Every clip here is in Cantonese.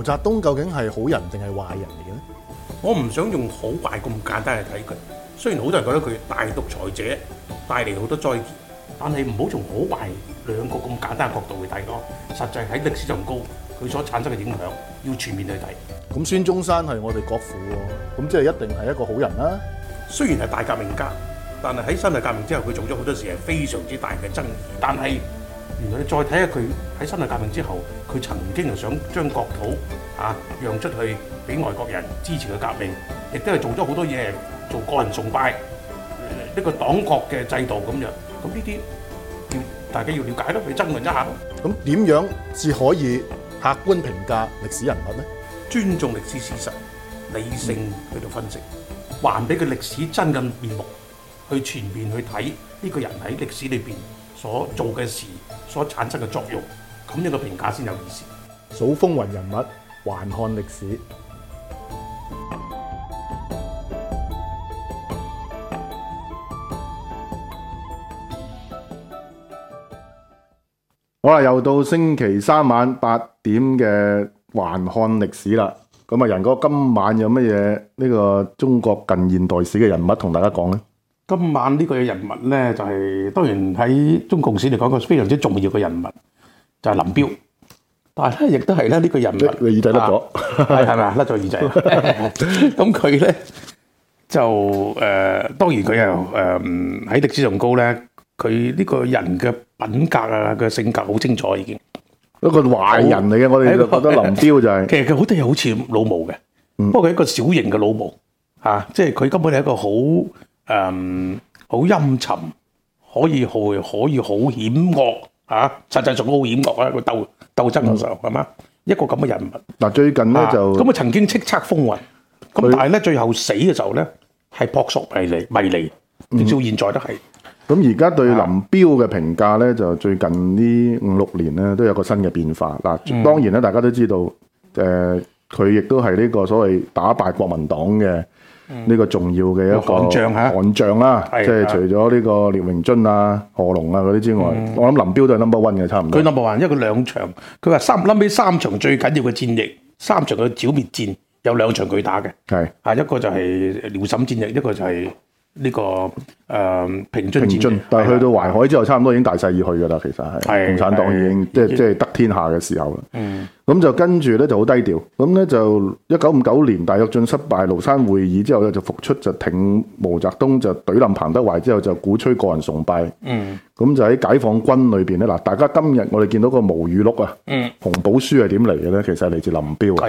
毛澤東究竟係好人定係壞人嚟嘅咧？我唔想用好壞咁簡單去睇佢。雖然好多人覺得佢大獨裁者，帶嚟好多災劫，但係唔好從好壞兩個咁簡單嘅角度去睇咯。實際喺歷史上高佢所產生嘅影響，要全面去睇。咁孫中山係我哋國父喎，咁即係一定係一個好人啦，啊。雖然係大革命家，但係喺辛亥革命之後，佢做咗好多事係非常之大嘅爭議，但係原來你再睇下佢喺辛亥革命之後，佢曾經又想將國土啊讓出去俾外國人，支持嘅革命，亦都係做咗好多嘢，做個人崇拜，一、呃這個黨國嘅制度咁樣。咁呢啲要大家要了解咯，去爭論一下咯。咁點樣至可以客觀評價歷史人物咧？尊重歷史事實，理性去到分析，還俾佢歷史真嘅面目去全面去睇呢個人喺歷史裏邊。所做嘅事所產生嘅作用，咁呢個評價先有意思。數風雲人物，還看歷史。好啦，又到星期三晚八點嘅還看歷史啦。咁啊，仁哥今晚有乜嘢呢個中國近現代史嘅人物同大家講呢？今晚呢個人物咧，就係、是、當然喺中共史嚟講個非常之重要嘅人物，就係、是、林彪。但係亦都係咧呢個人物，你耳仔甩咗，係咪啊甩咗耳仔？咁佢咧就誒、呃，當然佢又誒喺歷史上高咧，佢呢個人嘅品格啊佢性格好清楚已經，一個壞人嚟嘅、嗯。我哋喺度覺得林彪就係、是，其實佢好多嘢好似老毛嘅、嗯，不過佢一個小型嘅老毛吓、啊，即係佢根本係一個好。誒，好陰沉，可以可可以好險惡啊！實際上好險惡啊！個鬥鬥爭嘅時候，係、嗯、嘛一個咁嘅人物。嗱，最近咧就咁啊，曾經叱咤風雲，咁但係咧最後死嘅時候咧，係撲朔迷離，迷離，直、嗯、至現在都係。咁而家對林彪嘅評價咧，就最近 5, 呢五六年咧都有個新嘅變化。嗱、啊，當然咧、嗯、大家都知道，誒、呃，佢亦都係呢個所謂打敗國民黨嘅。呢、嗯，這個重要嘅一個悍將啦，即係除咗呢個聶榮臻啊、賀龍啊嗰啲之外，嗯、我諗林彪都係 number one 嘅，差唔多。佢 number one 因為佢兩場，佢話三，諗起三場最緊要嘅戰役，三場嘅剿滅戰有兩場佢打嘅，係啊一個就係遼瀋戰役，一個就係、是。呢、這個誒平津，平，平但係去到淮海之後，差唔多已經大勢已去噶啦。其實係共產黨已經即係即係得天下嘅時候啦。嗯，咁、嗯、就跟住咧就好低調。咁咧就一九五九年大躍進失敗，廬山會議之後咧就復出，就挺毛澤東，就懟冧彭德懷之後就鼓吹個人崇拜。嗯，咁、嗯、就喺解放軍裏邊咧，嗱，大家今日我哋見到個毛語錄啊、嗯，紅寶書係點嚟嘅咧？其實係嚟自林彪啊，啊，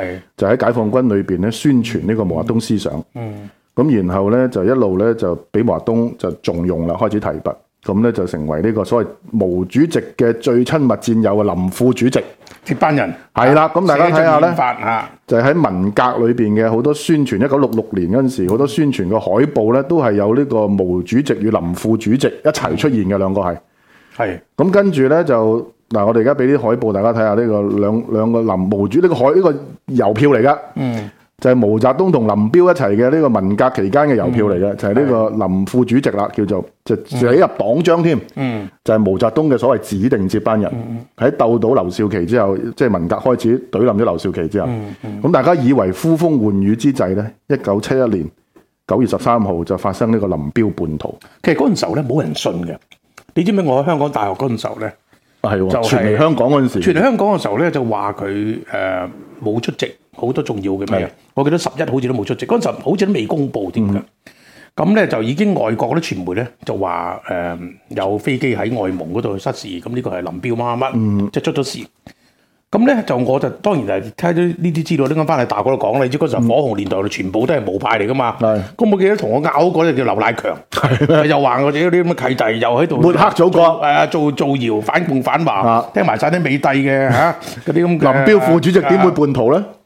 係就喺解放軍裏邊咧宣傳呢個毛澤東思想。嗯。嗯。咁然後咧就一路咧就俾華東就重用啦，開始提拔，咁咧就成為呢個所謂毛主席嘅最親密戰友嘅林副主席接班人係啦。咁、啊、大家睇下咧、啊，就喺、是、文革裏面嘅好多宣傳，一九六六年嗰陣時好多宣傳嘅海報咧，都係有呢個毛主席與林副主席一齊出現嘅兩個係。係咁跟住咧就嗱，我哋而家俾啲海報大家睇下呢、呢個兩兩個林毛主呢、呢個海呢、呢個郵票嚟噶。嗯。就係、是、毛澤東同林彪一齊嘅呢個文革期間嘅郵票嚟嘅，就係呢個林副主席啦、嗯，叫做就寫入黨章添。嗯，就係、是、毛澤東嘅所謂指定接班人，喺、嗯嗯、鬥倒劉、就是、倒劉少奇之後，即係文革開始懟冧咗劉少奇之後，咁、嗯、大家以為呼風喚雨之際咧，一九七一年九月十三號就發生呢個林彪叛徒。其實嗰陣時候咧冇人信嘅，你知唔知我喺香港大學嗰陣時候咧、啊，就是、傳嚟香港嗰陣時候，傳嚟香港嘅時候咧就話佢誒冇出席。好多重要嘅，咩？我記得十一好似都冇出席，嗰陣好似都未公布添嘅。咁咧，就已經外國嗰啲傳媒咧就話誒、呃、有飛機喺外蒙嗰度失事，咁呢個係林彪媽乜，即、嗯、係、就是、出咗事。咁咧就我就當然係聽到呢啲資料拎翻嚟，大學度講，你知嗰陣火紅年代，全部都係毛派嚟噶嘛。咁我記得同我拗嗰隻叫劉乃強，又話我哋啲咁嘅契弟又喺度抹黑祖國，誒做、啊、做造謠反共反華，聽埋晒啲美帝嘅，吓嗰啲咁。林彪副主席點會叛徒咧？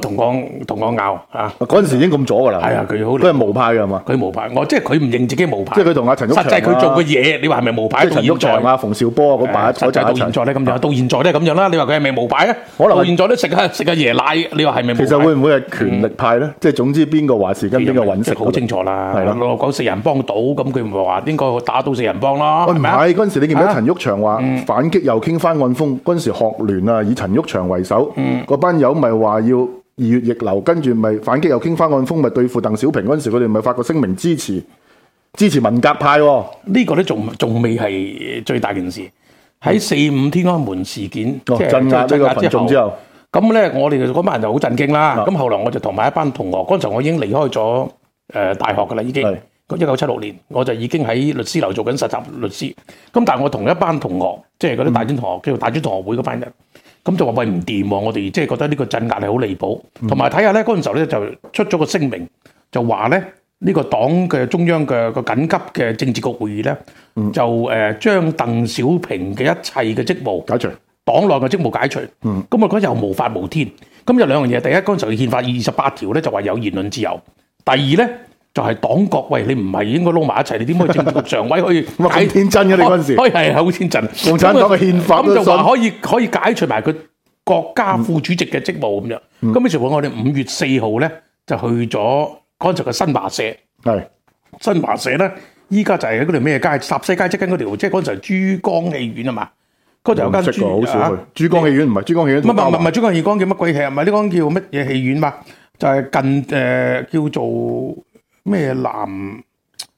同我同我拗啊！嗰陣時已經咁咗噶啦，係、哎、啊，佢好。佢係無派嘅係嘛？佢無派，我即係佢唔認自己無派。即係佢同阿陳旭、啊。實際佢做嘅嘢，你話係咪無派？陳旭在啊，啊，馮少波啊，嗰、啊、把我真係咁樣，到現在咧咁樣啦。你話佢係咪無派啊？可能現在都食啊食爺奶，你話係咪？其實會唔會係權力派咧、嗯？即係總之邊個話事跟邊個揾食，好清楚啦。係啦，四人幫倒，咁佢唔係話應該打倒四人幫啦。唔係嗰時，你見唔見、啊、陳旭祥話反擊右傾翻案風？嗰、嗯、時學聯啊，以陳旭祥為首，嗰班友咪話要。二月逆流，跟住咪反擊又案，又傾翻案風，咪對付鄧小平嗰陣時，佢哋咪發個聲明支持支持文革派喎。呢、呢個咧仲仲未係最大件事。喺四五天安門事件，即係鎮壓呢個群眾之後，咁咧我哋嗰班人就好震驚啦。咁、啊、後來我就同埋一班同學，嗰陣時我已經離開咗大學噶啦，已經一九七六年，我就已經喺律師樓做緊實習律師。咁但係我同一班同學，即係嗰啲大專同學、嗯，叫大專同學會嗰班人。咁就話喂唔掂喎，我哋即係覺得呢個鎮壓係好離譜，同埋睇下咧嗰陣時候咧就出咗個聲明，就話咧呢個黨嘅中央嘅個緊急嘅政治局會議咧，就誒將鄧小平嘅一切嘅職,職務解除，黨內嘅職務解除，咁我覺得又無法無天。咁有兩樣嘢，第一嗰陣時候嘅憲法二十八條咧就話有言論自由，第二咧。就係、是、黨國，喂你唔係應該撈埋一齊，你點可以政治局常委可以咁 天真嘅、啊？你嗰陣時，可以係好天真。共產黨嘅憲法咁就話可以可以解除埋佢國家副主席嘅職務咁樣。咁尾除咗我哋五月四號咧，就去咗嗰陣嘅新華社。係新華社咧，依家就係喺嗰條咩街？十四街即係跟嗰條，即係嗰陣珠江戲院啊嘛。嗰、啊、少去、啊。珠江戲院唔係珠江戲院。乜唔唔唔珠江戲院叫乜鬼戲？唔係呢間叫乜嘢戲院嘛？就係、是、近誒、呃、叫做。咩南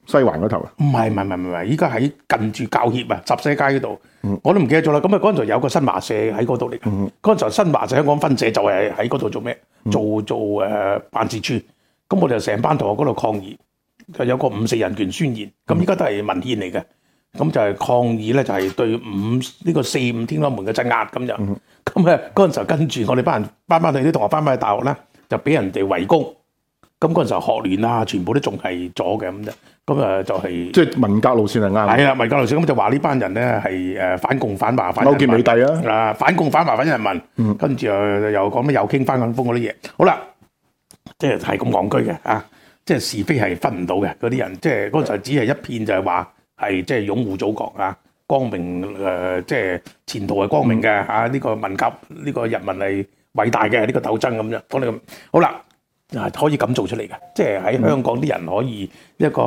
西環嗰頭啊？唔係唔係唔係唔係，依家喺近住教協啊，十四街嗰度，嗯，我都唔記得咗啦。咁啊，嗰陣就有個新華社喺嗰度嚟。嗰、嗯、陣時候新華社香港分社就係喺嗰度做咩？做做誒、啊、辦事處。咁我哋就成班同學嗰度抗議，就有個五四人權宣言。咁依家都係文獻嚟嘅。咁就係抗議咧，就係對五呢、呢個四五天安門嘅鎮壓咁就，咁咧嗰陣時候跟住我哋班人翻返去啲同學翻返去大學咧，就俾人哋圍攻。咁嗰陣時候學聯啊，全部都仲係左嘅咁啫。咁啊、就是，就係即係文革路線係啱。係啦，文革路線咁就話呢班人咧係誒反共反華反，勾結美帝啊！啊，反共反華反人民。嗯。跟住又又講咩？又傾翻緊風嗰啲嘢。好啦，即係係咁戇居嘅啊！即、就、係、是、是非係分唔到嘅。嗰啲人即係嗰陣時只係一片就係話係即係擁護祖國啊，光明誒，即、呃、係、就是、前途係光明嘅吓。呢、嗯啊這個文革呢、這個人民係偉大嘅呢、這個鬥爭咁啫。講你咁好啦。啊、可以咁做出嚟嘅，即係喺香港啲人可以一個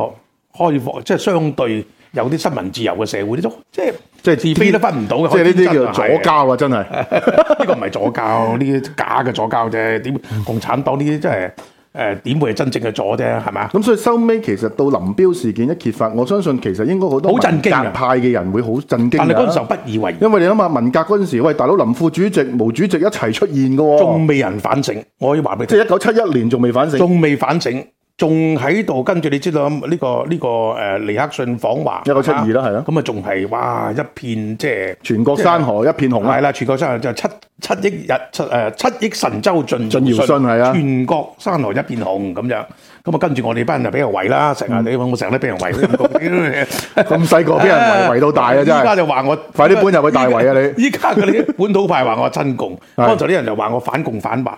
開放，即係、即係、相對有啲新聞自由嘅社會種，都即係即係是非都分唔到嘅，即係呢啲叫做左膠啊！的真係呢 個唔係左膠，呢 啲假嘅左膠啫。點共產黨呢啲真係？誒、呃，點會係真正嘅阻啫？係嘛？咁所以收尾，其實到林彪事件一揭發，我相信其實應該好多文革派嘅人會好震驚。但係嗰陣時候不以為然，因為你諗下文革嗰陣時，喂，大佬，林副主席、毛主席一齊出現喎、哦，仲未人反省，我要話俾你聽，即係一九七一年仲未反省，仲未反省。仲喺度跟住，你知道呢、這個呢、這個誒、呃，尼克遜訪華一九七二啦，係咯、啊，咁啊仲係哇，一片即係、就是、全國山河一片紅是啊！係啦、啊啊，全國山河就七七億日出誒七億神州盡盡堯舜係啊全國山河一片紅咁樣，咁啊跟住我哋班人就俾人圍啦，成日你我我成日都俾人圍，咁細個俾人圍圍 到大，真大啊！真係依家就話我快啲搬入去大圍啊！你依家嗰啲本土派話我親共，剛才啲人就話我反共反華。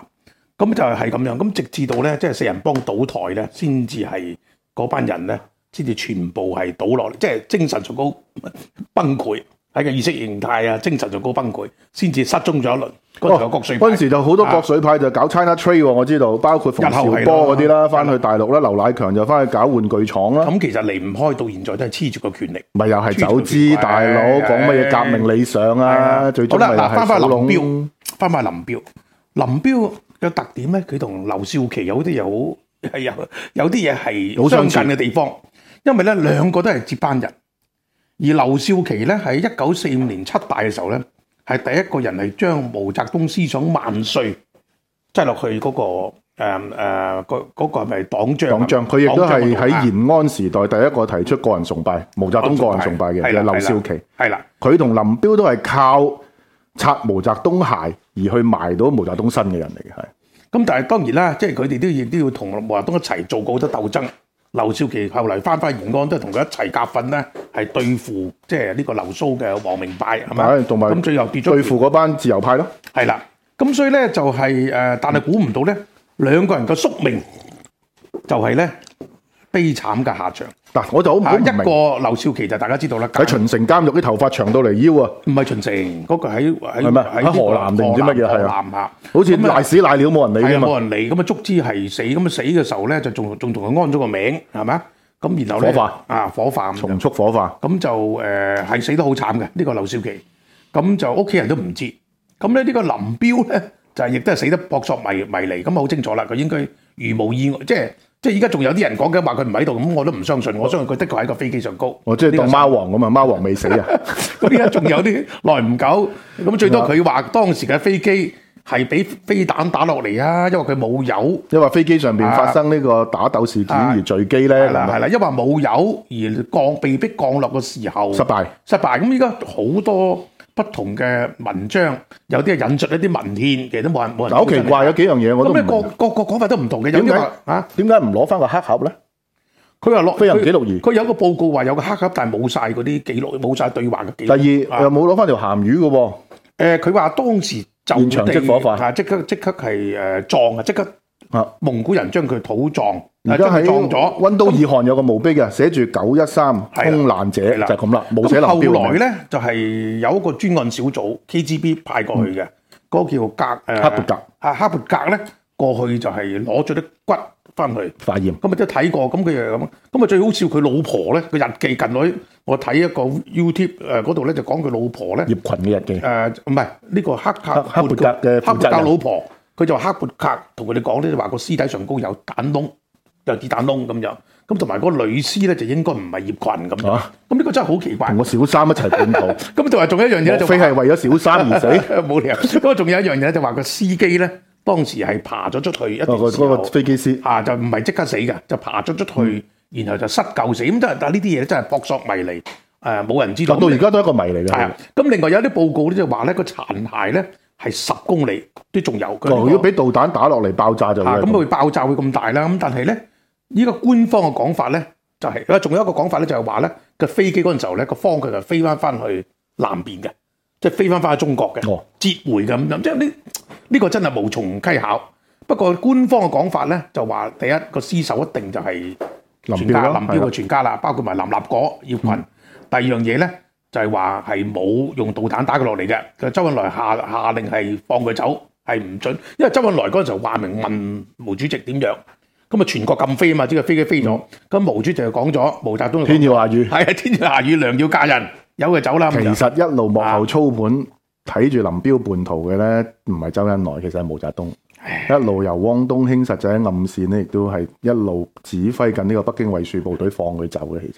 咁就係咁樣，咁直至到咧，即係四人幫倒台咧，先至係嗰班人咧，先至全部係倒落，即係精神上高崩潰喺個意識形態啊，精神上高崩潰，先至失蹤咗一輪。嗰、哦、陣時有國粹派，嗰陣時就好多國粹派、啊、就搞 China Trade，我知道，包括馮紹波嗰啲啦，翻去大陸啦，劉乃強就翻去搞玩具廠啦。咁其實離唔開到現在都係黐住個權力，咪又係走資大佬講乜嘢革命理想啊？最好啦，返返林彪，翻翻林彪，林彪。有特點咧，佢同劉少奇有啲又好係有有啲嘢係好相近嘅地方，因為咧兩個都係接班人，而劉少奇咧喺一九四五年七大嘅時候咧，係第一個人嚟將毛澤東思想萬歲擠落去嗰、嗰個誒誒嗰嗰個係咪黨章？黨章佢亦都係喺延安時代第一個提出個人崇拜，毛澤東個人,個人崇拜嘅，係、就係、劉少奇，係啦，佢同林彪都係靠。拆毛澤東鞋而去埋到毛澤東身嘅人嚟嘅，係咁，但係當然啦，即係佢哋都亦都要同毛澤東一齊做過好多鬥爭。劉少奇後嚟翻返延安都係同佢一齊夾訓咧，係對付即係呢個留蘇嘅王明派係咪，咁最後跌咗對付嗰班自由派咯。係啦，咁所以咧就係、是、誒、呃，但係估唔到咧、嗯，兩個人嘅宿命就係咧悲慘嘅下場。嗱，我就好唔明。一個劉少奇就大家知道啦，喺秦城監獄啲頭髮長到嚟腰啊！唔係秦城，嗰、那個喺喺喺河南定唔知乜嘢係啊？好似瀨屎瀨尿冇人理冇、啊、人理咁啊！足之係死咁啊！死嘅時候咧就仲仲同佢安咗個名係咪啊？咁然後咧啊火化，重、啊、速火化。咁就誒係、呃、死得好慘嘅呢、這個劉少奇。咁就屋企人都唔知。咁咧呢個林彪咧就係亦都係死得撲朔迷迷離咁啊！好清楚啦，佢應該如無意外即係，即係而家仲有啲人講緊話佢唔喺度咁，我都唔相信。我相信佢的確喺個飛機上高。哦，即係當貓王咁啊，貓王未死啊！咁而家仲有啲耐唔久，咁最多佢話當時嘅飛機係俾飛彈打落嚟啊，因為佢冇油。因為飛機上邊發生呢個打鬥事件而墜機咧嗱，係啦，因為冇油而降被逼降落嘅時候失敗，失敗。咁而家好多。不同嘅文章，有啲係引述一啲文獻，其實都冇人冇人。好奇怪有幾樣嘢我覺得咩各各個講法都唔同嘅。點解啊？點解唔攞翻個黑盒咧？佢話落飛行記錄儀。佢有個報告話有個黑盒，但係冇晒嗰啲記錄，冇晒對話嘅記錄。第二、啊、我又冇攞翻條鹹魚嘅喎、啊。佢、呃、話當時就現場即火化，係即刻即刻係誒撞啊，即刻。啊！蒙古人將佢土葬，而家撞咗。溫都爾汗有個墓碑嘅、嗯，寫住九一三空難者就咁啦，冇寫後來咧，就係、是就是、有一個專案小組 KGB 派過去嘅，嗰、嗯那個叫格黑勃格啊，黑、呃、勃格咧過去就係攞咗啲骨翻去化驗，咁啊都睇過，咁佢又咁，咁啊最好笑佢老婆咧個日記，近來。我睇一個 YouTube 誒嗰度咧就講佢老婆咧葉群嘅日記，誒唔係呢個黑勃格嘅負責人老婆。佢就黑撥客，同佢哋講呢，就話個屍體上高有彈窿，有子彈窿咁樣，咁同埋嗰個女屍咧就應該唔係葉群咁。咁、啊、呢個真係好奇怪。同個小三一齊墮樓。咁就話仲有一樣嘢就係、非係為咗小三而死。冇 理由。咁啊仲有一樣嘢就話、係嗰個司機咧當時係爬咗出去一段時間。嗰、嗰個嗰個飛機師啊，就唔係即刻死嘅，就爬咗出去、嗯，然後就失救死。咁真係，但係呢啲嘢真係撲朔迷離，誒冇人知道。到而家都一個謎嚟嘅。係咁、啊、另外有啲報告咧就話咧、嗰個殘骸咧。係十公里都仲有的，哦這個，如果俾導彈打落嚟爆炸就，啊咁會爆炸會咁大啦。咁但係咧，呢個官方嘅講法咧，就係、是，仲有一個講法咧，就係話咧，個飛機嗰陣時候咧，個方佢就飛翻翻去南邊嘅，即係飛翻翻去中國嘅，哦折回咁咁，即係呢呢個真係無從稽考。不過官方嘅講法咧，就話第一個屍首一定就係林彪啦，林彪嘅全家啦，包括埋林立果葉群。第二樣嘢咧。就係話係冇用導彈打佢落嚟嘅，周恩來下下令係放佢走，係唔準。因為周恩來嗰陣時候話明問毛主席點樣，咁啊全國禁飛啊嘛，即個飛機飛咗，咁、嗯、毛主席就講咗，毛澤東，天要下雨，係啊天要下雨，娘要嫁人，由佢走啦。其實一路幕後操盤睇住林彪叛徒嘅咧，唔係周恩來，其實係毛澤東。一路由汪東興實際喺暗線咧，亦都係一路指揮緊呢個北京衛戍部隊放佢走嘅。其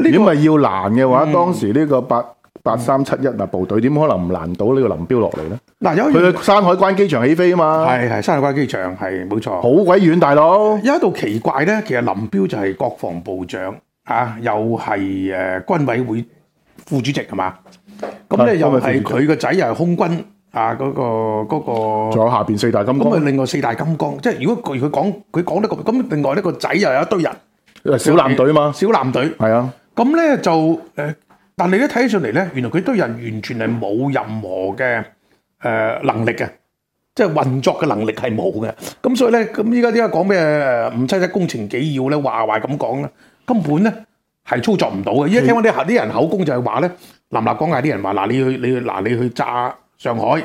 實，因為要攔嘅話，當時呢個八八三七一啊部隊，點可能唔攔到呢個林彪落嚟咧？嗱，有佢喺山海關機場起飛啊嘛，係係山海關機場係冇錯，好鬼遠大佬。有一度奇怪咧，其實林彪就係國防部長啊，又係誒軍委會副主席係嘛，咁咧又係佢個仔又係空軍。啊！嗰個嗰個，仲有下邊四大金剛。咁啊，另外四大金剛，即係如果佢佢講佢講呢個，咁另外呢個仔又有一堆人，小艦隊嘛，小艦隊係啊。咁咧就誒，但你一睇起上嚟咧，原來佢堆人完全係冇任何嘅誒能力嘅，即係運作嘅能力係冇嘅。咁所以咧，咁依家點解講咩五七七工程紀要咧？話話咁講咧，根本咧係操作唔到嘅。依家聽翻啲啲人口供就係話咧，林立果嗌啲人話嗱，你去你去嗱，你去炸。上海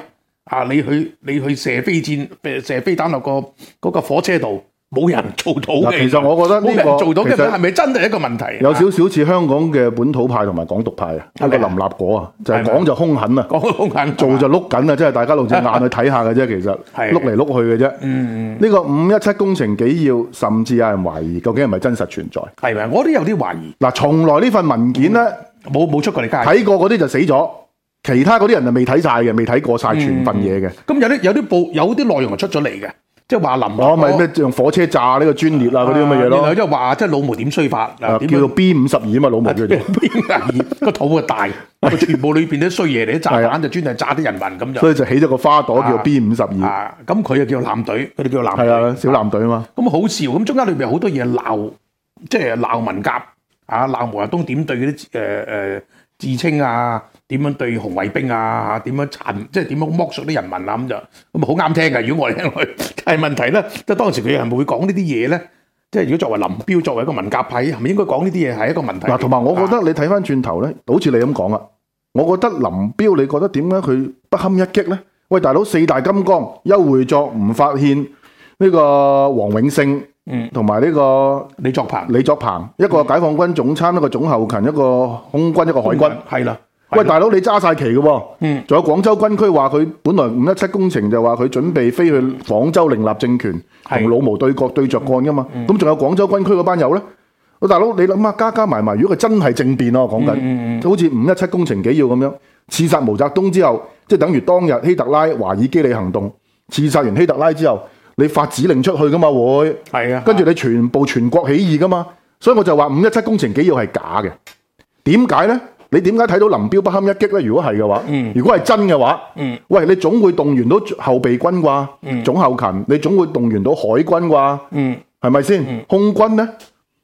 啊，你去你去射飛箭，射飛彈落個嗰個火車度，冇人做到嘅。其實我覺得冇、這個、人做到，其實係咪真係一個問題？有少少似香港嘅本土派同埋港獨派啊，一個林立果、就是、講啊，就係講就凶狠啊，講凶狠，做就碌緊啊，即係大家露隻眼去睇下嘅啫，其實係碌嚟碌去嘅啫、啊。嗯呢、這個五一七工程紀要，甚至有人懷疑，究竟係咪真實存在？係咪、啊？我都有啲懷疑。嗱，從來呢份文件咧，冇、嗯、冇出過你，睇過嗰啲就死咗。其他嗰啲人就未睇晒嘅，未睇過晒全份嘢嘅。咁、嗯、有啲有啲報有啲內容是出來的就出咗嚟嘅，即係話林、那個。哦，咪咩用火車炸呢個專列啊？嗰啲咁嘅嘢咯，即係話即係老毛點衰法啊？叫做 B 五十二啊嘛，老、啊、毛叫做 B52。B 五十二個肚啊子大， 全部裏邊啲衰嘢嚟，啲炸彈就專係炸啲人民咁就。所以就起咗個花朵、啊、叫做 B 五十二。咁、啊、佢就叫做藍隊，佢哋叫做藍隊，啊隊啊、小藍隊啊嘛。咁好笑，咁中間裏邊好多嘢鬧，即係鬧文革啊，鬧毛澤東點對嗰啲誒誒智清啊。點樣對紅衛兵啊？嚇點樣殘，即係點樣剝削啲人民啊？咁就咁咪好啱聽嘅。如果我聽落去，係問題啦。即係當時佢係咪會講呢啲嘢咧？即係如果作為林彪，作為一個文革派，係咪應該講呢啲嘢係一個問題？嗱，同埋我覺得你睇翻轉頭咧，好似你咁講啊，我覺得林彪，你覺得點解佢不堪一擊咧？喂，大佬四大金剛，邱會作、吳法憲呢個黃永勝，嗯，同埋呢個李作鵬，李作鵬一個解放軍總參，一個總後勤，一個空軍，一個海軍，係啦。喂，大佬，你揸晒旗嘅喎，仲、嗯、有廣州軍區話佢本來五一七工程就話佢準備飛去廣州另立政權，同老毛對角對著幹嘛，咁仲、嗯、有廣州軍區嗰班友呢？大佬你諗啊，加加埋埋，如果佢真係政變啊，講緊就好似五一七工程紀要咁樣，刺殺毛澤東之後，即等於當日希特拉華爾基里行動，刺殺完希特拉之後，你發指令出去㗎嘛會，跟住你全部全國起義㗎嘛，所以我就話五一七工程紀要係假嘅，點解呢？你點解睇到林彪不堪一擊呢？如果係嘅話、嗯，如果係真嘅話、嗯，喂，你總會動員到後備軍啩、嗯，總後勤，你總會動員到海軍啩，係咪先？空軍咧，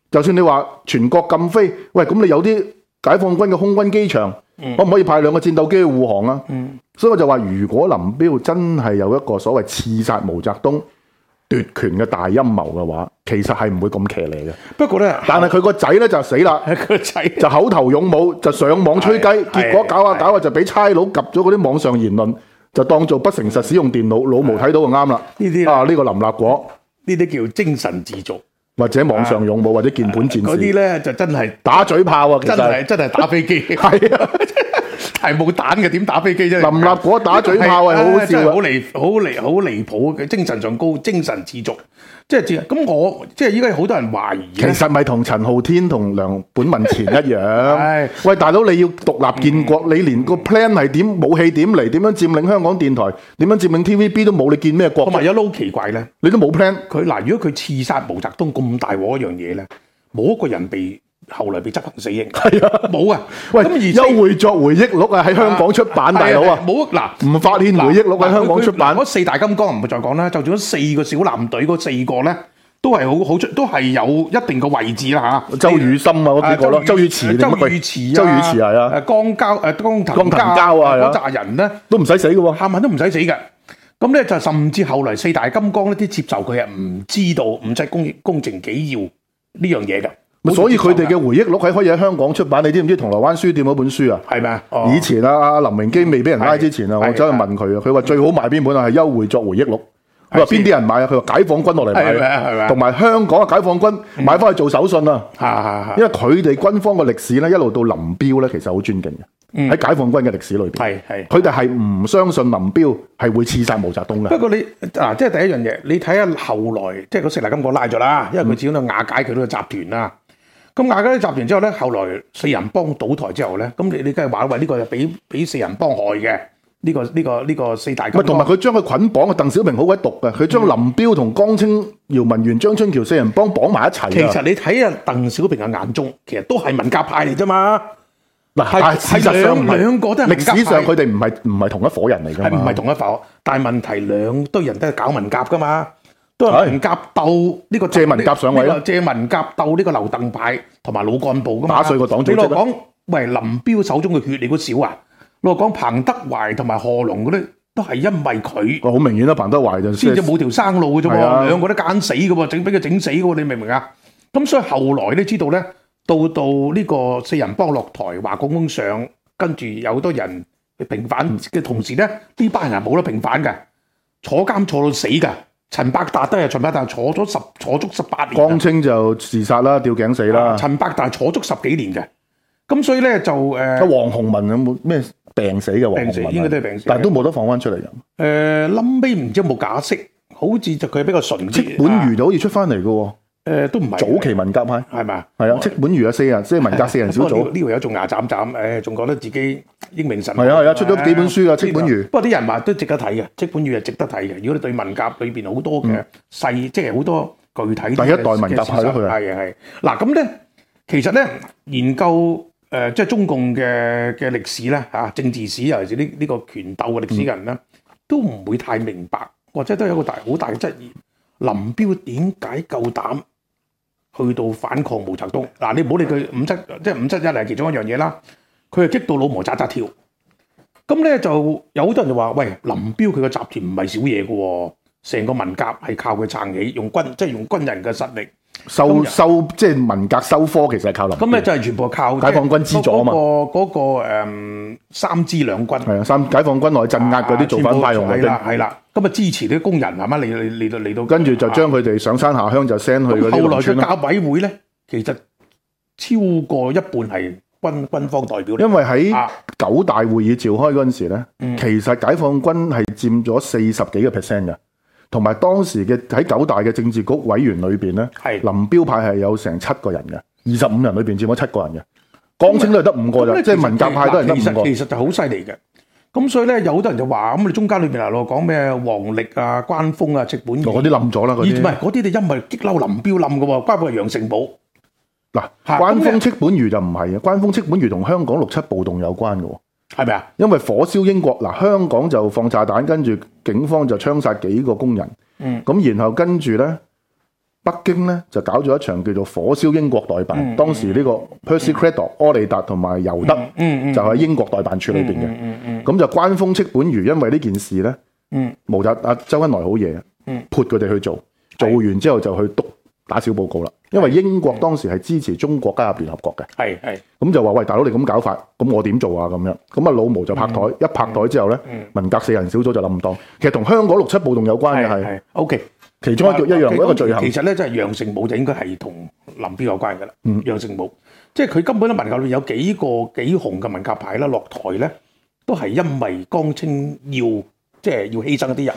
就算你話全國禁飛，喂，咁你有啲解放軍嘅空軍機場，嗯、可唔可以派兩個戰鬥機去護航啊、嗯？所以我就話，如果林彪真係有一個所謂刺殺毛澤東奪權嘅大陰謀嘅話，其實係唔會咁騎呢嘅，不過呢，但係佢個仔呢就死啦，佢個仔就口頭勇武，就上網吹雞，結果搞下、啊、搞下、啊、就俾差佬及咗嗰啲網上言論，就當做不誠實使用電腦，老毛睇到就啱啦。這呢啲啊呢、呢個林立果，呢啲叫精神自造，或者網上勇武，或者鍵盤戰士，嗰啲呢就真係打嘴炮啊，真係真係打飛機。 係冇彈嘅，點打飛機啫？林立果打嘴炮係好、這個、好笑，好、啊、離好離好離譜嘅精神上高，精神自足，即係咁我即係依家好多人懷疑，其實咪同陳浩天同梁本民前一樣。係、 哎、喂，大佬你要獨立建國，嗯、你連個 plan 係點，武器點嚟，點樣佔領香港電台，點樣佔領 TVB 都冇，你建咩國？同埋一路奇怪咧，你都冇 plan。佢嗱，如果佢刺殺毛澤東咁大鑊一樣嘢咧，冇一個人被。後來被執行死刑，係啊冇啊！喂，邱會作回憶錄啊，喺香港出版大佬啊！冇嗱，吳、啊啊、法憲回憶錄喺香港出版嗰、啊啊、四大金剛唔會再講啦，就算四個小艦隊嗰四個咧，都係好好出，都係有一定個位置啦嚇。周宇森啊，嗰幾個咯、啊，周宇馳周，周宇馳啊，周宇馳係啊，誒、啊、江交誒、啊、江騰蛟江騰蛟啊，嗰紮、啊、人咧都唔使死嘅喎、啊，喊文都唔使死嘅。咁咧就甚至後嚟四大金剛咧啲接受佢啊，唔知道五七一、嗯、工工程紀要呢樣嘢嘅。所以佢哋嘅回憶錄係可以喺香港出版，你知唔知銅鑼灣書店嗰本書啊？係咩、哦？以前啊，林榮基未俾人拉之前啊，我走去問佢啊，佢話最好賣邊本啊？係邱會作回憶錄。佢話邊啲人買啊？佢話解放軍落嚟買，係同埋香港嘅解放軍買翻去做手信啊、嗯！因為佢哋軍方嘅歷史咧，一路到林彪咧，其實好尊敬嘅。喺、嗯、解放軍嘅歷史裏邊，係佢哋係唔相信林彪係會刺殺毛澤東嘅。不過你嗱、啊，即係第一樣嘢，你睇下後來，即係個四大金剛我拉咗啦，因為佢始終都瓦解佢呢個集團啦。嗯咁大家集完之後呢，後來四人幫倒台之後呢，咁你你梗係話為呢個俾俾四人幫害嘅呢、這個呢、這個呢、這個四大金剛同埋佢將佢捆綁嘅鄧小平好鬼毒嘅，佢將林彪同江青、姚文元、張春橋四人幫綁埋一齊。其實你睇啊鄧小平嘅眼中，其實都係文革派嚟啫嘛。嗱，其實兩兩個都係歷史上佢哋唔係唔係同一伙人嚟嘅，係唔係同一伙？但係問題兩堆人都係搞文革噶嘛。都係文革鬥呢、這個借文革上位啦、這個，借文革鬥呢個劉鄧派同埋老幹部噶嘛。你就講喂，林彪手中嘅血你估少啊？你話講彭德懷同埋賀龍嗰啲都係因為佢。好明顯啦，彭德懷、啊、就先至冇條生路嘅啫嘛，兩、啊、個都揀死噶，整俾佢整死噶，你明唔明啊？咁所以後來咧知道咧，到到呢個四人幫落台，華國鋒上，跟住有好多人平反嘅同時咧，呢、嗯、班人係冇得平反嘅，坐監坐到死噶。陳伯達都係，陳伯達坐咗十，坐足十八年，江青就自殺啦，吊頸死啦。陳伯達坐足十幾年嘅，咁所以咧就誒、呃，黃洪文有冇咩病死嘅？黃洪文應該都係病死，但係都冇得放翻出嚟嘅。誒、嗯，林彬唔知有冇假釋，好似就佢比較純潔。戚本禹就好似出翻嚟嘅。啊誒、呃、都唔係早期文革派係咪啊？係啊，戚本禹有四人，即係文革四人小組。呢位有仲牙斬斬，誒、哎、仲覺得自己英明神。係啊係啊，出咗幾本書啊，戚本禹。不過啲人話都值得睇嘅，戚本禹係值得睇嘅。如果你對文革裏邊好多嘅細，嗯、即係好多具體，第一代文革派去係係。嗱咁咧，其實咧研究誒、呃、即係中共嘅嘅歷史咧嚇、啊、政治史尤其是呢、這、呢、個這個權鬥嘅歷史嘅人咧、嗯，都唔會太明白，或者都有一個大好大嘅質疑：嗯、林彪點解夠膽？去到反抗毛澤東嗱，你唔好理佢五七，即係五七一嚟係其中一樣嘢啦，佢係激到老毛喳喳跳，咁咧就有好多人就話，喂，林彪佢個集團唔係少嘢嘅喎，成個文革係靠佢撐起，用軍即係用軍人嘅實力。收收即係文革收科，其實係靠林。咁咪就係全部靠解放軍資助啊嘛。嗰個嗰個誒三支兩軍係啊，三解放軍來鎮壓嗰啲造反派，用兵係啦，係啦。咁啊支持啲工人係咪嚟嚟嚟到嚟到？跟住就將佢哋上山下鄉就 send 去嗰啲。後來嘅教委會咧，其實超過一半係軍軍方代表。因為喺九大會議召開嗰陣時咧，其實解放軍係佔咗四十幾個 percent 嘅。同埋當時嘅喺九大嘅政治局委員裏邊咧，林彪派係有成七個人嘅，二十五人裏邊佔咗七個人嘅，江青都係得五個啫、嗯嗯嗯。即係文革派都係得五個。其實就好犀利嘅。咁所以咧有好多人就話：咁你中間裏邊啊，我講咩？王力啊、關鋒啊、戚本禹嗰啲冧咗啦。嗰啲唔係啲，你因為激嬲林彪冧嘅喎，包括楊成武。嗱，關鋒、戚本禹就唔係嘅。關鋒、嗯、戚、嗯、本禹同香港六七暴動有關嘅。係咪啊？因為火燒英國嗱、啊，香港就放炸彈，跟住警方就槍殺幾個工人。嗯，咁然後跟住咧，北京咧就搞咗一場叫做火燒英國代辦。嗯嗯、當時呢個 Percy Cradock 阿利達同埋尤德，嗯嗯、就喺、是、英國代辦處裏邊嘅。嗯嗯咁、嗯嗯、就關鋒戚本禹，因為呢件事咧，嗯，毛澤阿周恩來好嘢，嗯，潑佢哋去做，做完之後就去督。打小報告啦，因為英國當時係支持中國加入聯合國嘅，係係咁就話：喂，大佬你咁搞法，咁我點做啊？咁樣咁啊，老毛就拍台、嗯，一拍台之後咧、嗯，文革四人小組就冧檔。其實同香港六七暴動有關嘅係，OK，其中一個、啊、一樣一個罪行。其實咧，真係楊成武就應該係同林彪有關㗎啦、嗯。楊成武即係佢根本咧，文革裏面有幾個幾紅嘅文革牌啦，落台咧都係因為江青要即係要犧牲一啲人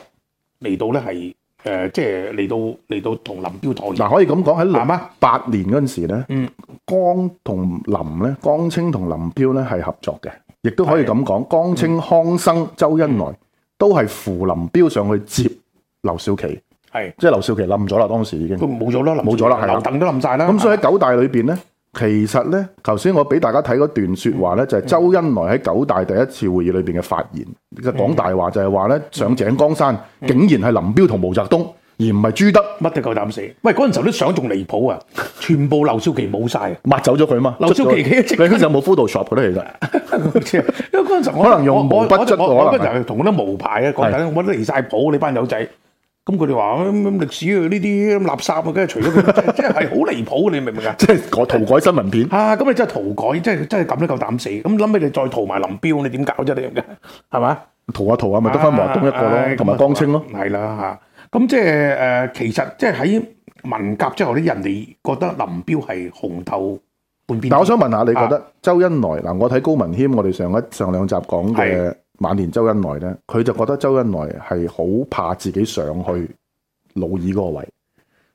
嚟到咧係。是誒、呃、即係嚟到嚟到同林彪妥協嗱，可以咁講，喺八八年嗰陣時，嗯，江同林咧，江青同林彪咧係合作嘅，亦都可以咁講，江青、康生、周恩來都係扶林彪上去接劉少奇，即係劉少奇冧咗啦，當時已經冇咗啦，冇咗啦，劉鄧都冧晒啦，咁所以喺九大裏面咧。其實咧，頭先我俾大家睇嗰段說話咧，就係、是、周恩來喺九大第一次會議裏邊嘅發言、嗯，其實講大話就係話咧，上井岡山、嗯、竟然係林彪同毛澤東，而唔係朱德，乜都夠膽死。喂，嗰陣時候啲相仲離譜啊， 全部劉少奇冇晒，抹走咗佢嘛。劉少奇佢有冇 Photoshop 嘅咧？其實， 因為嗰陣時可能用唔出我嗰陣時同嗰啲無牌嘅講緊，我哋離晒譜，你班友仔。咁佢哋話歷史呢啲垃圾 啊，梗係除咗，即係好離譜，你明唔明啊？即係改塗改新聞片啊！咁你真係塗改，真係真係咁都夠膽死。咁諗起你再塗埋林彪，你點搞啫？你係嘛？塗下塗下，咪得翻毛澤東一個咯，同、哎、埋江青咯。係啦吓，咁即係誒，其實即係喺文革之後咧，人哋覺得林彪係紅透半邊。嗱，我想問下，你覺得周恩來嗱、啊？我睇高文謙，我哋上一上兩集講嘅。晚年周恩來咧，佢就覺得周恩來係好怕自己上去老二嗰個位，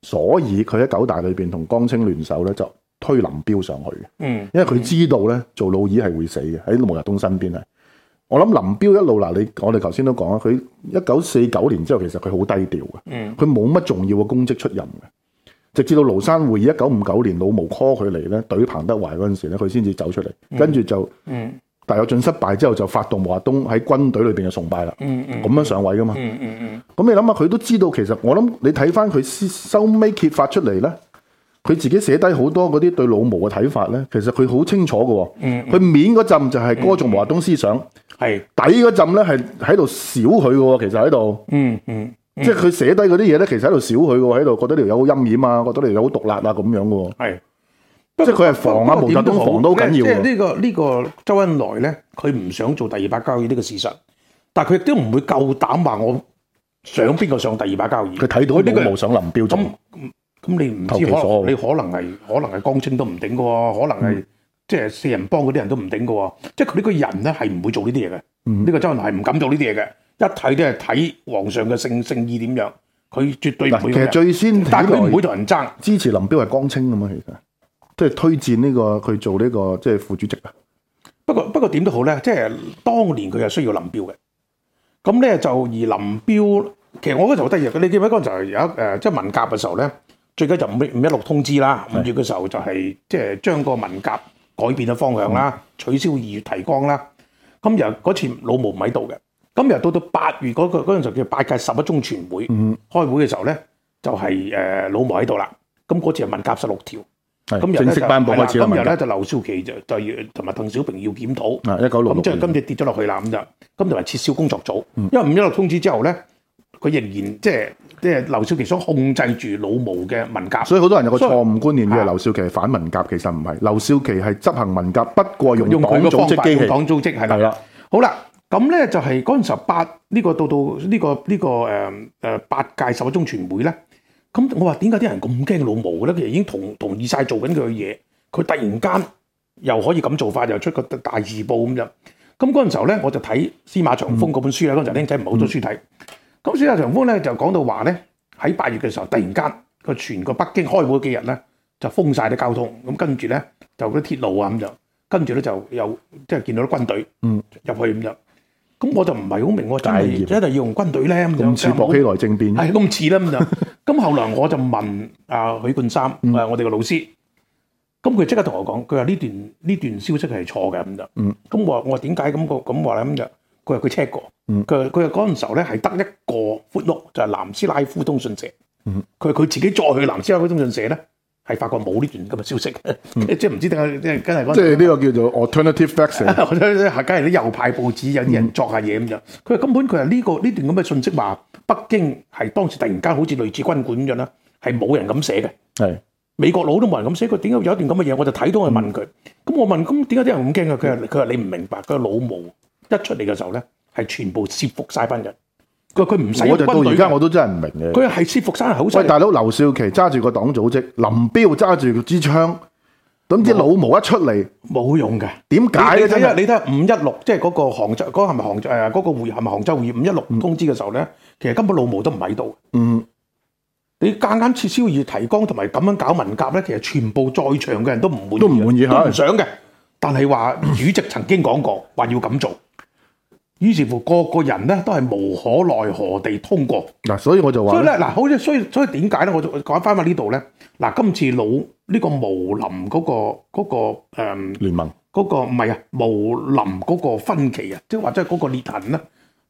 所以佢喺九大裏邊同江青聯手咧，就推林彪上去嘅。嗯，因為佢知道咧，做老二係會死嘅喺毛澤東身邊啊。我諗林彪一路嗱，你我哋頭先都講啊，佢一九四九年之後，其實佢好低調嘅。嗯，佢冇乜重要嘅公職出任嘅，直至到廬山會議一九五九年老毛 call 佢嚟咧，懟彭德懷嗰陣時咧，佢先至走出嚟，跟住就嗯。嗯大躍進失敗之後就發動毛澤東喺軍隊裏邊嘅崇拜啦，咁、嗯嗯、樣上位噶嘛？咁你諗下，佢都知道其實我諗你睇翻佢收尾揭發出嚟咧，佢自己寫低好多嗰啲對老毛嘅睇法咧，其實佢好清楚嘅。佢、嗯嗯、面嗰陣就係歌頌毛澤東思想，係、嗯嗯、底嗰陣咧係喺度少佢嘅。其實喺度，嗯嗯、嗯，即係佢寫低嗰啲嘢咧，其實喺度少佢嘅喺度，覺得你條友好陰險啊，覺得你條友好毒辣啊咁樣嘅。係。即係佢係防啊，毛澤東防都好緊要嘅即係呢、呢個呢、呢個周恩來咧，佢唔想做第二把交椅呢個事實，但係佢亦都唔會夠膽話我想邊個上第二把交椅。佢睇到冇上、呢個、林彪，咁咁你唔知道可你可能係可能係江青都唔頂嘅喎，可能係即係四人幫嗰啲人都唔頂嘅喎。即係佢呢個人咧係唔會做呢啲嘢嘅。呢、嗯呢個周恩來係唔敢做呢啲嘢嘅。一睇都係睇皇上嘅性性意點樣，佢絕對唔會其實最先，但佢唔會同人爭，支持林彪係江青咁啊，其實。即係推薦呢個去做呢個即係副主席啊！不過不過點都好咧，即係當年佢係需要林彪嘅。咁咧就而林彪，其實我覺得就得意啊！你記唔記得嗰陣時候有一誒，即係文革嘅時候咧，最緊就五一五一六通知啦。五月嘅時候就係即係將個文革改變咗方向啦，取消二月提綱啦。咁又嗰次老毛唔喺度嘅，咁又到到八月嗰個嗰陣時候叫八屆十一中全會，嗯，開會嘅時候咧就係誒老毛喺度啦。咁嗰次係文革十六條。係正式頒布開始今日咧就劉少奇就就要同埋鄧小平要檢討。啊，一九六咁即係今次跌咗落去啦，咁、嗯、就，咁同埋撤銷工作組。因為五一六通知之後咧，佢仍然即係即係劉少奇想控制住老毛嘅文革。所以好多人有個錯誤觀念，以，以為劉少奇係反文革，其實唔係。劉少奇係執行文革，不過用黨組織黨組織係啦。係啦。好啦，咁咧就係嗰陣十八呢、這個到到、這、呢個呢、這個誒誒、呃、八屆十一中全會咧。咁我話點解啲人咁驚老毛嘅咧？其實已經同同意晒做緊佢嘅嘢，佢突然間又可以咁做法，又出個大字報咁就。咁嗰陣時候咧，我就睇《司馬長風》嗰本書咧。嗰、嗯、陣時候僆仔唔係好多書睇。咁、嗯《司馬長風》咧就講到話咧，喺八月嘅時候，突然間佢全個北京開會嘅幾日咧，就封晒啲交通，咁跟住咧就啲鐵路啊咁就，跟住咧就又即係見到啲軍隊入去咁就。嗯咁我就唔係好明，我真係一定要用軍隊咧咁樣。咁似薄熙來政變，係咁似啦咁就。咁後嚟我就問阿許冠三，係我哋個老師。咁佢即刻同我講，佢話呢段呢段消息係錯嘅咁就。嗯。咁我話我話點解咁個咁話咧咁就。佢話佢 check 過。嗯。佢話佢話嗰陣時候咧係得一個 footnote 就係南斯拉夫通訊社。嗯。佢佢自己再去南斯拉夫通訊社咧。係發覺冇呢段咁嘅消息，不嗯嗰個、即係唔知點解即係呢個叫做 alternative facts，下梗係啲右派報紙有啲人作下嘢咁樣。佢、嗯、根本佢話呢個呢段咁嘅信息話北京係當時突然間好似類似軍管咁樣啦，係冇人咁寫嘅。係美國佬都冇人咁寫，佢點解有一段咁嘅嘢？我就睇到佢問佢、嗯、我問佢，咁我問咁點解啲人咁驚啊？佢話佢話你唔明白，佢個老毛一出嚟嘅時候咧，係全部攝服晒班人。佢佢唔使，我就到而家我都真係唔明嘅。佢係穿服衫，口，好細。喂，大佬，劉少奇揸住個黨組織，林彪揸住支槍，咁啲老毛一出嚟冇用嘅。點解？因為你睇下，你睇下五一六，即係嗰個杭州嗰係咪杭州誒？嗰個會係咪杭州會議？五一六通知嘅時候咧、嗯，其實根本老毛都唔喺度。嗯，你間間撤銷而提綱同埋咁樣搞文革咧，其實全部在場嘅人都唔滿，都唔滿意吓，唔想嘅。但係話主席曾經講過，話要咁做。於是乎，個個人咧都係無可奈何地通過嗱、啊，所以我就話，所以咧嗱，好、啊、似所以所以點解咧？我就講翻翻呢度咧。嗱、啊，今次老呢、這個毛林嗰、那個嗰、那個誒聯、嗯、盟，嗰、那個唔係啊，毛林嗰個分歧啊，即係或者嗰個裂痕咧，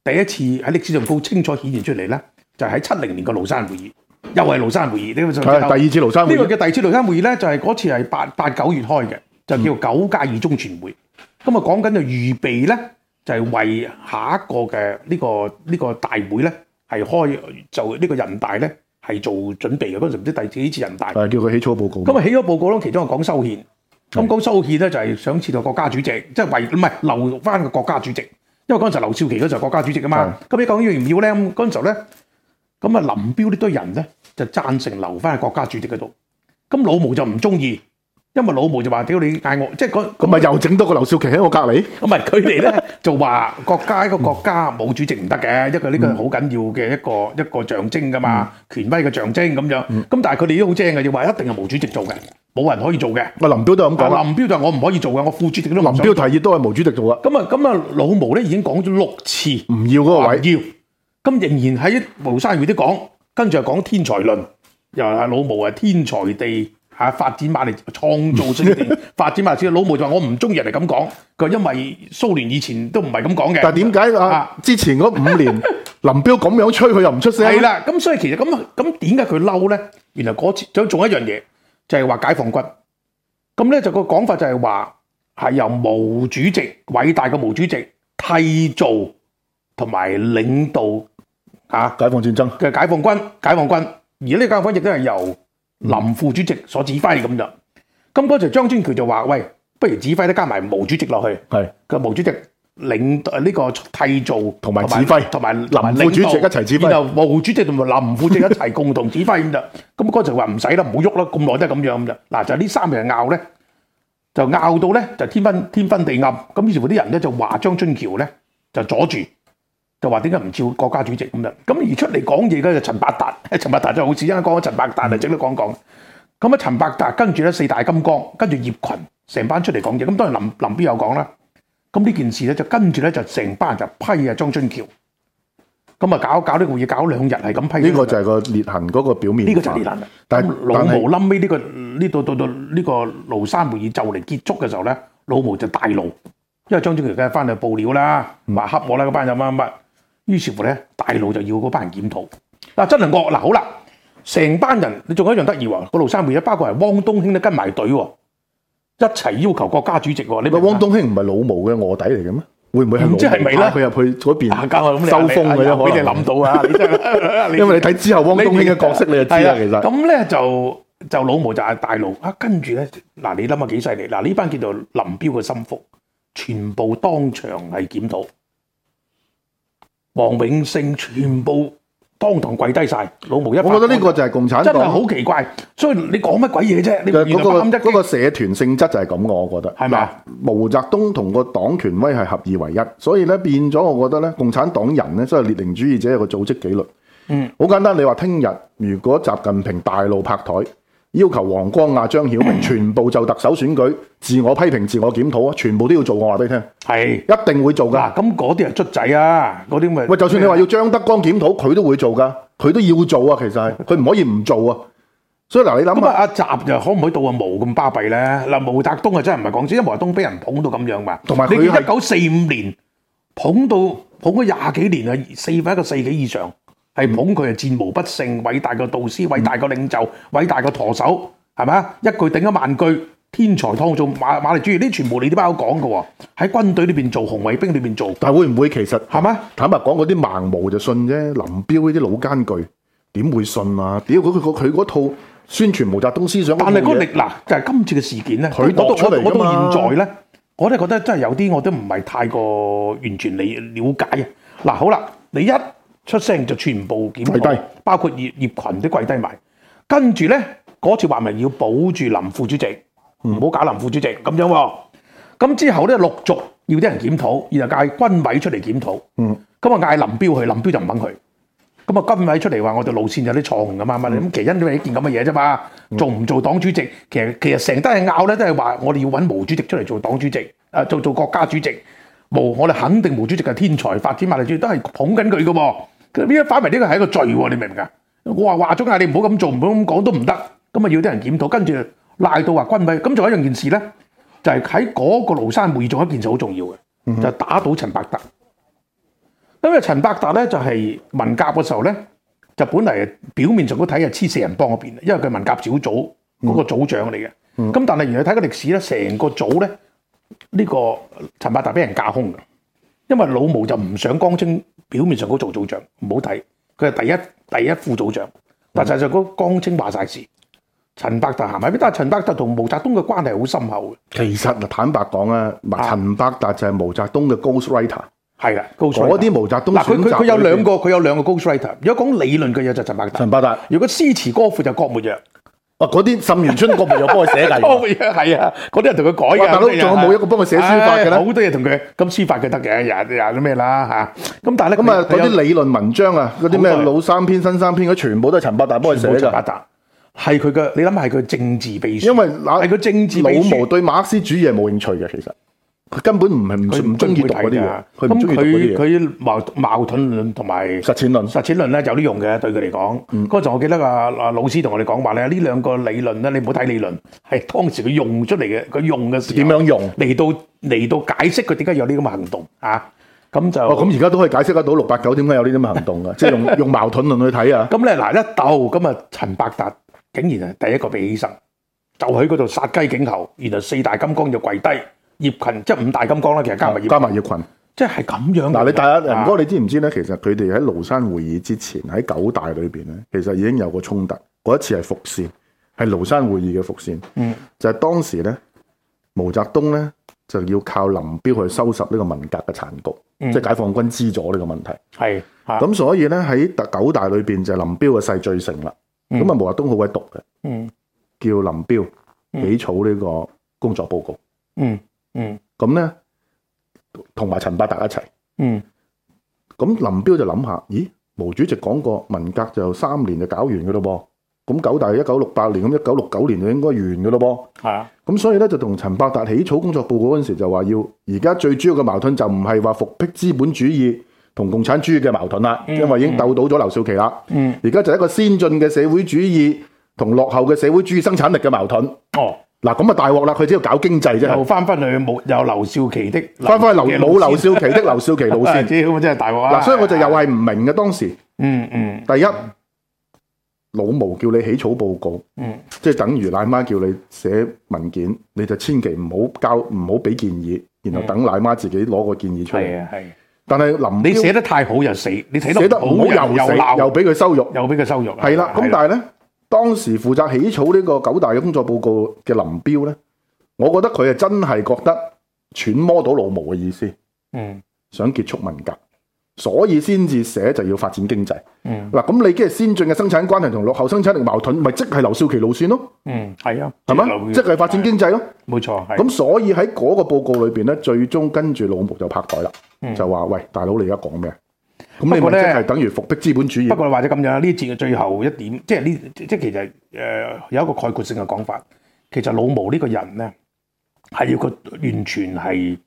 第一次喺歷史上好清楚顯現出嚟咧，就喺七零年個廬山會議，又係廬山會議。係、嗯、第二次廬山會呢個嘅第二次廬山會議咧、就是，就係嗰次係八八九月開嘅，就叫九屆二中全會。咁、嗯、啊，講緊就預備咧。就係、是、為下一個嘅呢、這個呢、這個大會咧，係開做呢個人大咧係做準備嘅。嗰時不過唔知第幾次人大，但係叫佢起草報告。咁啊起咗報告咯，其中講修憲。咁講、那個、修憲咧，就係、是、想設立國家主席，即、就、係、是、為唔係留翻個國家主席。因為嗰陣時候劉少奇嗰時係國家主席㗎嘛。咁你究竟要唔要咧？咁嗰陣時咧，咁啊林彪呢堆人咧就贊成留翻喺國家主席嗰度。咁老毛就唔中意。因為老毛就話：屌你嗌我，即係嗰……咁咪又整多個劉少奇喺我隔籬？唔係佢哋咧就話，國家一個國家冇主席唔得嘅，因為呢個好緊要嘅一個一個象徵㗎嘛，權威嘅象徵咁樣。咁但係佢哋都好正嘅，要話一定係毛主席做嘅，冇人可以做嘅。阿林彪都係咁講，林彪就係，我唔可以做嘅，我副主席都冇。林彪提議都係毛主席做嘅。咁啊咁啊，老毛咧已經講咗六次唔要嗰個位，要咁仍然喺無生滅啲講，跟住係講天才論，又係老毛啊天才地。啊！發展埋嚟，創造性地發展埋嚟， 老毛就話：我唔中意人哋咁講。佢話因為蘇聯以前都唔係咁講嘅。但係點解啊？之前嗰五年， 林彪咁樣吹，佢又唔出聲、啊。係啦、啊，咁所以其實咁咁點解佢嬲咧？原來嗰次仲有一樣嘢，就係、是、話解放軍。咁咧就那個講法就係話係由毛主席偉大嘅毛主席締造同埋領導嚇、啊、解放戰爭嘅解放軍，解放軍。而呢個解放軍亦都係由林副主席所指揮咁、嗯、就，咁嗰陣張春橋就話：喂，不如指揮都加埋毛主席落去。係，個毛主席領呢、這個替做同埋指揮，同埋林副主席一齊指揮。然後毛主席同埋林副主席一齊共同指揮。咁嗰陣話唔使啦，唔好喐啦，咁耐都係咁樣咁就。嗱就呢三樣拗咧，就拗到咧就天昏天昏地暗。咁於是乎啲人咧就話張春橋咧就阻住。就話點解唔照國家主席咁樣？咁而出嚟講嘢嘅就陳伯達，陳伯達真係好似，因為講咗陳伯達嚟整得講講。咁啊，陳伯達跟住咧四大金剛，跟住葉群成班出嚟講嘢。咁當然林林彪有講啦。咁呢件事咧就跟住咧就成班人就批啊張春橋。咁啊搞搞呢個會議搞兩日係咁批。呢個就係個裂痕嗰個表面。呢、這個就裂痕。但係老毛冧尾呢個呢度到到呢個廬、這個這個這個這個、山會議就嚟結束嘅時候咧，老毛就大怒，因為張春橋梗係翻嚟報料啦，話黑我啦，班又乜乜。於是乎咧，大佬就要嗰班人檢討嗱，真係惡嗱好啦，成班人你仲有一樣得意喎，個廬山會議包括係汪東興都跟埋隊喎，一齊要求國家主席。你汪東興唔係老毛嘅臥底嚟嘅咩？會唔會係？唔知係未咧？佢入去嗰邊收風嘅啫。俾你諗到啊！因為你睇之後汪東興嘅角色你，你就知啦、啊。其實咁咧就就老毛就係大佬。啊，跟住咧嗱，你諗下幾犀利嗱？呢班叫做林彪嘅心腹，全部當場係檢討。黃永勝全部當堂跪低晒。老毛一我覺得呢個就係共產黨，真係好奇怪。所以你講乜鬼嘢啫？你原來咁一嗰、嗰個社團性質就係咁嘅，我覺得。係咪？毛澤東同個黨權威係合二為一，所以咧變咗，我覺得咧共產黨人咧所係列寧主義者一個組織紀律。嗯，好簡單。你話聽日如果習近平大路拍台？要求王光亞、啊、張曉明全部就特首選舉自我批評、自我檢討啊！全部都要做，我話俾你聽，係一定會做㗎。咁嗰啲係卒仔啊，嗰啲咪喂，就算你話要張德光檢討，佢都會做㗎，佢都要做啊。其實佢唔可以唔做啊。所以嗱，你諗下，阿習就可唔可以到阿毛咁巴閉咧？嗱，毛澤東啊，真係唔係講笑，因為毛澤東俾人捧到咁樣嘛。同埋你見一九四五年捧到捧咗廿幾年啊，四分一個世紀以上。係捧佢係戰無不勝，偉大嘅導師，偉大嘅領袖，偉大嘅舵手，係咪啊？一句頂一萬句，天才湯中馬馬列主義呢？全部你都包講嘅喎，喺軍隊裏邊做，紅衛兵裏邊做。但會唔會其實係咪？坦白講，嗰啲盲毛就信啫。林彪呢啲老奸巨點會信啊？屌！佢佢佢嗰套宣傳毛澤東思想，但係嗰個力嗱就係今次嘅事件咧。佢講出嚟啊！我到現在咧，我都覺得真係有啲我都唔係太過完全嚟瞭解嘅。嗱，好啦，你一。出聲就全部檢討，包括葉葉羣都跪低埋。跟住咧，嗰次話明要保住林副主席，唔、嗯、好搞林副主席咁樣喎。咁之後咧，陸續要啲人檢討，然後嗌軍委出嚟檢討。嗯，咁啊嗌林彪去，林彪就唔肯去。咁啊，軍委出嚟話：我哋路線有啲錯誤噶嘛嘛。咁、嗯、其實因為一件咁嘅嘢啫嘛。做唔做黨主席，其實其實成堆係拗咧，都係話我哋要揾毛主席出嚟做黨主席，誒、呃、做做國家主席。毛，我哋肯定毛主席係天才，發展馬列主義都係捧緊佢噶喎。呢一反埋呢個係一個罪喎，你明唔明？噶我話話咗啊，你唔好咁做，唔好咁講都唔得，咁啊要啲人檢討，跟住賴到話軍費。咁仲有一樣件事咧，就係喺嗰個廬山會做一件事好、就是、重要嘅，就是、打倒陳伯達。因為陳伯達咧就係文革嘅時候咧，就本嚟表面上都睇係黐四人幫嗰邊，因為佢文革小組嗰、那個組長嚟嘅。咁但係原來睇個歷史咧，成個組咧呢個陳伯達俾人架空嘅。因為老毛就唔想江青表面上嗰做組長，唔好睇佢係第一第一副組長，但實際上江青話晒事。陳伯達係咪？但係陳伯達同毛澤東嘅關係好深厚嘅。其實啊，坦白講啊，陳伯達就係毛澤東嘅 ghost writer。係啦，嗰啲毛澤東。嗱佢佢有兩個佢有兩個 ghost writer。如果講理論嘅嘢就陳伯達。陳伯達。如果詩詞歌賦就郭沫若。哇！嗰啲沁園春，郭沫若幫佢寫嘅，係啊，嗰啲、 啊、人同佢改嘅、啊，大佬仲有冇一個幫佢寫書法嘅咧、哎？好多嘢同佢咁書法嘅得嘅，日日都咩啦吓。咁、啊、但係咧，咁啊嗰啲理論文章啊，嗰啲咩老三篇、新三篇，全部都係陳伯達幫佢寫嘅。陳伯達係佢嘅，你諗下係佢政治秘書，因為嗱係佢政治老毛對馬克思主義係冇興趣嘅，其實。佢根本唔係唔唔中意睇嗰啲嘢，佢咁佢佢矛矛盾論同埋實踐論，實踐論咧有啲用嘅，對佢嚟講。嗰、嗯、陣我記得啊啊老師同我哋講話咧，呢兩個理論咧，你唔好睇理論，係當時佢用出嚟嘅，佢用嘅點樣用嚟到嚟到解釋佢點解有呢咁嘅行動啊？咁就咁而家都可以解釋得到六八九點解有呢啲咁嘅行動嘅，即係用用矛盾論去睇啊。咁咧嗱一鬥，咁啊陳伯達竟然係第一個被犧牲，就喺嗰度殺雞儆猴。原來四大金剛就跪低。葉群即係五大金剛啦，其實加埋加埋葉群，即係咁樣的。嗱、啊，你大家林哥，你知唔知咧？其實佢哋喺廬山會議之前喺九大裏邊咧，其實已經有個衝突。嗰一次係伏線，係廬山會議嘅伏線。嗯，就係、是、當時咧，毛澤東咧就要靠林彪去收拾呢個文革嘅殘局，嗯、即係解放軍支左呢個問題。係、嗯，咁所以咧喺特九大裏邊就是、林彪嘅勢最盛啦。咁、嗯、啊，那毛澤東好鬼毒嘅，嗯，叫林彪起草呢個工作報告，嗯。嗯嗯，咁咧，同埋陳伯達一齊，嗯，咁林彪就諗下，咦，毛主席講過，文革就三年就搞完噶咯噃，咁九大一九六八年，咁一九六九年就應該完噶咯噃，係啊，咁所以咧就同陳伯達起草工作報告嗰陣時就話要，而家最主要嘅矛盾就唔係話復辟資本主義同共產主義嘅矛盾啦，嗯，因為已經鬥到咗劉少奇啦，嗯，而家就係一個先進嘅社會主義同落後嘅社會主義生產力嘅矛盾，哦。嗱咁啊，大鑊啦！佢只要搞經濟啫，又翻翻去冇有劉少奇的，翻翻去劉冇劉少奇的劉少奇路線，咁 真係大鑊啊！嗱，所以我就又係唔明嘅當時，嗯嗯，第一老毛叫你起草報告，嗯，即係等於奶媽叫你寫文件，你就千祈唔好交，唔好俾建議，然後等奶媽自己攞個建議出嚟，係、嗯。但係林彪你寫得太好又死，你寫得好又鬧，又俾佢收辱，又俾佢收辱，係啦。咁但係咧。當時負責起草呢個九大嘅工作報告嘅林彪呢，我覺得佢係真係覺得揣摩到老毛嘅意思，嗯，想結束文革，所以先至寫就要發展經濟，嗯，嗱咁你即係先進嘅生產關係同落後生產力矛盾，咪即係劉少奇路線咯，嗯，係啊，係咪，即係發展經濟咯，冇錯，咁、啊、所以喺嗰個報告裏邊呢，最終跟住老毛就拍台啦、嗯，就話喂，大佬你而家講咩？咁你話咧係等於復辟資本主義？不過或者咁樣，呢節嘅最後一點，即係呢，即係其實誒有一個概括性嘅講法。其實老毛呢個人咧，係要佢完全係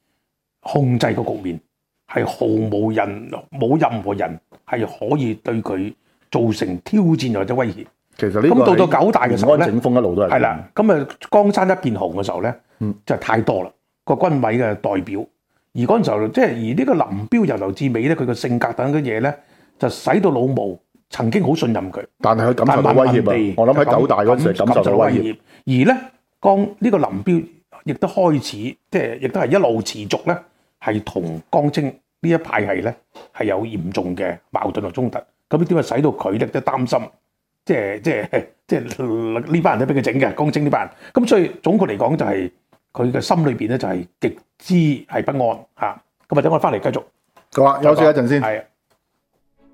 控制個局面，係毫無人，冇任何人係可以對佢造成挑戰或者威脅。其實呢，咁到咗九大嘅時候咧，整風一路都係係啦。咁啊，江山一片紅嘅時候咧，嗯，就係太多啦個軍委嘅代表。而嗰陣時候，即係而呢個林彪由頭至尾咧，佢個性格等嘅嘢咧，就使到老毛曾經好信任佢，但係佢感受到威脅啊！我諗喺九大嗰時候就感，感受，到威，脅感受到威脅。而咧，江呢、呢個林彪亦都開始，即係亦都係一路持續咧，係同江青呢一派係咧係有嚴重嘅矛盾同衝突。咁點解使到佢咧都擔心，即係即係即係呢班人都俾佢整嘅江青呢班人。咁所以總括嚟講就係、是。佢嘅心裏面呢，就係極之係不安，咁啊等我返嚟繼續。佢話休息一陣先。係啊。